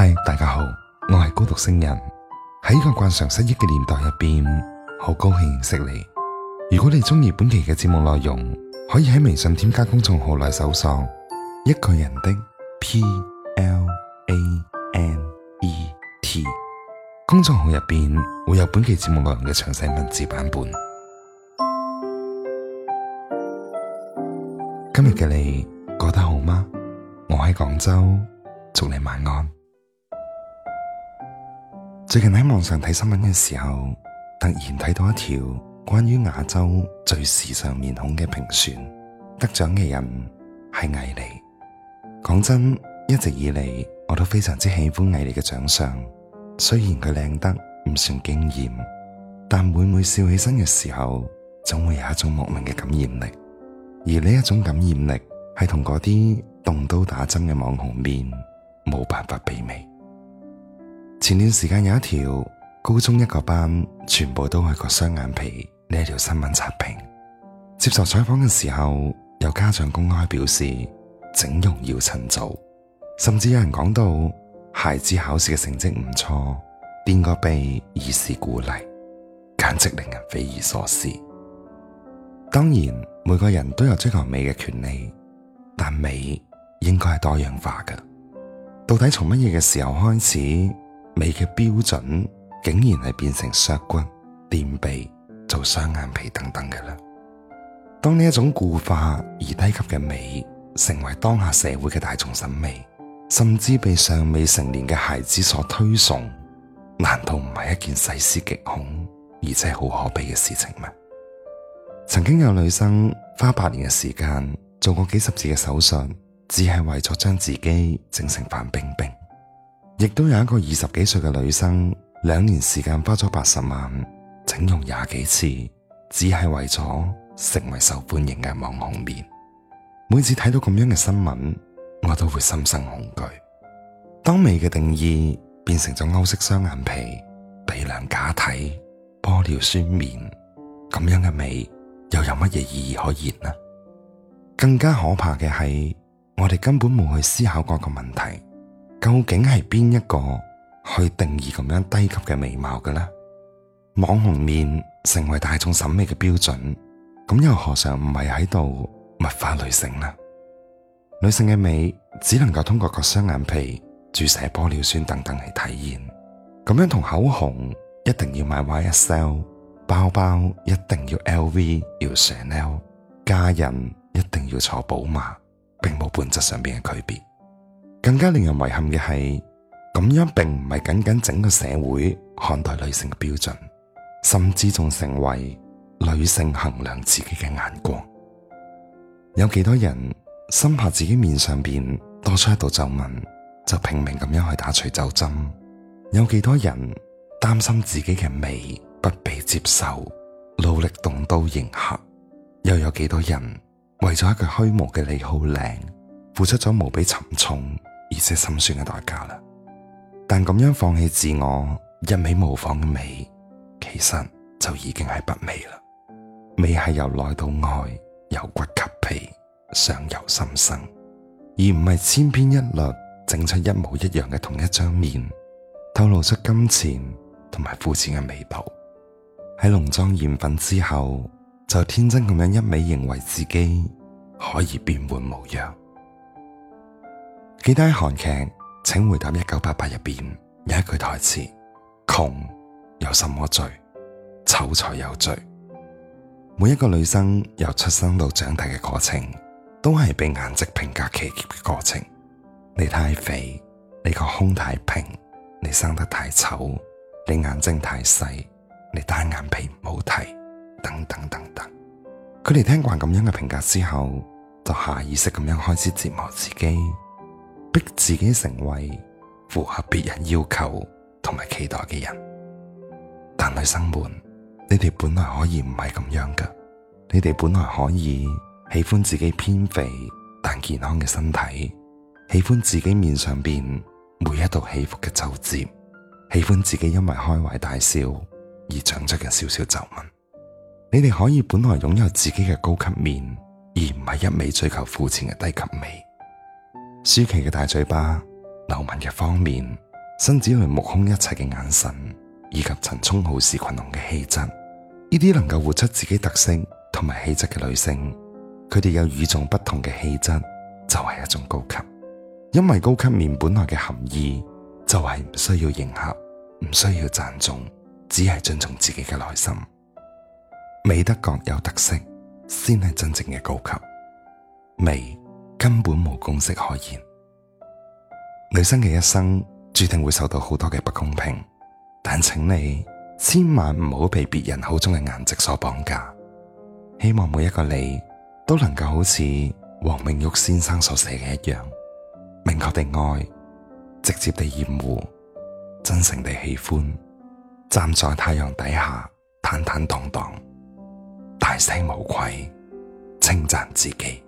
嗨，Hi, 大家好，我係孤獨星人。喺呢個慣常失憶嘅年代入邊，好高興認識你。如果你中意本期嘅節目內容，可以喺微信添加公眾號嚟搜索一個人的 P L A N E T。公眾號入邊會有本期節目內容嘅詳細文字版本。今日嘅你過得好嗎？我喺廣州，祝你晚安。最近喺網上睇新聞嘅時候，突然睇到一條關於亞洲最時尚面孔嘅評選，得獎嘅人係艾利。講真，一直以嚟，我都非常之喜歡艾利嘅長相，雖然佢靚得唔算驚艷，但每每笑起身嘅時候，總會有一種莫名嘅感染力。而呢一種感染力係同嗰啲動刀打針嘅網紅面冇辦法媲美。前段時間有一條高中一個班全部都係個雙眼皮呢一條新聞刷屏。接受採訪嘅時候，有家長公開表示，整容要趁早。甚至有人講到，孩子考試嘅成績唔錯，墊個鼻以示鼓勵，簡直令人匪夷所思。當然，每個人都有追求美嘅權利，但美應該係多樣化嘅。到底從乜嘢嘅時候開始？美嘅標準竟然係變成削骨、墊鼻、做雙眼皮等等嘅啦。當呢一種固化而低級嘅美成為當下社會嘅大眾審美，甚至被尚未成年嘅孩子所推崇，難道唔係一件細思極恐而且好可悲嘅事情咩？曾經有女生花八年嘅時間做過幾十次嘅手術，只係為咗將自己整成范冰冰。亦都有一個二十幾歲嘅女生，兩年時間花咗八十萬整容廿幾次，只係為咗成為受歡迎嘅網紅面。每次睇到咁樣嘅新聞，我都會心生恐懼。當美嘅定義變成咗歐式雙眼皮、鼻梁假體、玻尿酸面，咁樣嘅美又有乜嘢意義可言呢？更加可怕嘅係，我哋根本冇去思考過個問題。究竟係邊一個去定義咁樣低級嘅美貌嘅呢？網紅面成為大眾審美嘅標準，咁又何嘗唔係喺度物化女性呢？女性嘅美只能夠通過個雙眼皮、注射玻尿酸等等嚟體現，咁樣同口紅一定要買 YSL，包包一定要 LV，要 Chanel，嫁人一定要坐寶馬，並冇本質上邊嘅區別。更加令人遺憾嘅係，咁樣並唔係僅僅整個社會看待女性嘅標準，甚至仲成為女性衡量自己嘅眼光。有幾多人深怕自己面上邊多出一道皺紋，就拼命咁樣去打除皺針？有幾多人擔心自己嘅美不被接受，努力動刀迎合？又有幾多人為咗一個虛無嘅你好靚，付出咗無比沉重？而且心酸嘅代價啦，但咁樣放棄自我一味模仿嘅美，其實就已經係不美啦。美係由內到外，由骨及皮，相由心生，而唔係千篇一律整出一模一樣嘅同一張面，透露出金錢同埋膚淺嘅味道。喺濃妝艷粉之後，就天真咁樣一味認為自己可以變換模樣。記得韓劇，請回答一九八八入邊有一句台詞：窮有什麼罪？醜才有罪。每一個女生由出生到長大嘅過程，都係被顏值評價其嘅過程。你太肥，你個胸太平，你生得太醜，你眼睛太細，你單眼皮唔好睇，等等等等。佢哋聽慣咁樣嘅評價之後，就下意識咁樣開始折磨自己。逼自己成為符合別人要求同埋期待嘅人，但女生們，你哋本來可以唔係咁樣噶，你哋本來可以喜歡自己偏肥但健康嘅身體，喜歡自己面上面每一道起伏嘅皺折，喜歡自己因為開懷大笑而長出嘅少少皺紋，你哋可以本來擁有自己嘅高級面，而唔係一味追求膚淺嘅低級美。舒淇嘅大嘴巴，劉雯嘅方臉，辛芷蕾目空一切嘅眼神，以及陳沖好事群龍嘅氣質，呢啲能夠活出自己特色同埋氣質嘅女性，佢哋有與眾不同嘅氣質，就係、是、一種高級。因為高級面本來嘅含義就係、是、唔需要迎合，唔需要讚頌，只係尊重自己嘅內心。美得各有特色，先係真正嘅高級美。根本無公式可言。女生嘅一生注定會受到好多嘅不公平，但請你千萬唔好被別人口中嘅顏值所綁架。希望每一個你都能夠好似黃明玉先生所寫嘅一樣，明確地愛，直接地厭惡，真誠地喜歡，站在太陽底下坦坦蕩蕩，大聲無愧，稱讚自己。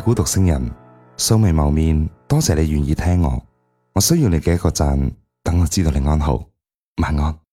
孤獨星人，素未謀面，多謝你願意聽我。我需要你嘅一個讚，等我知道你安好。晚安。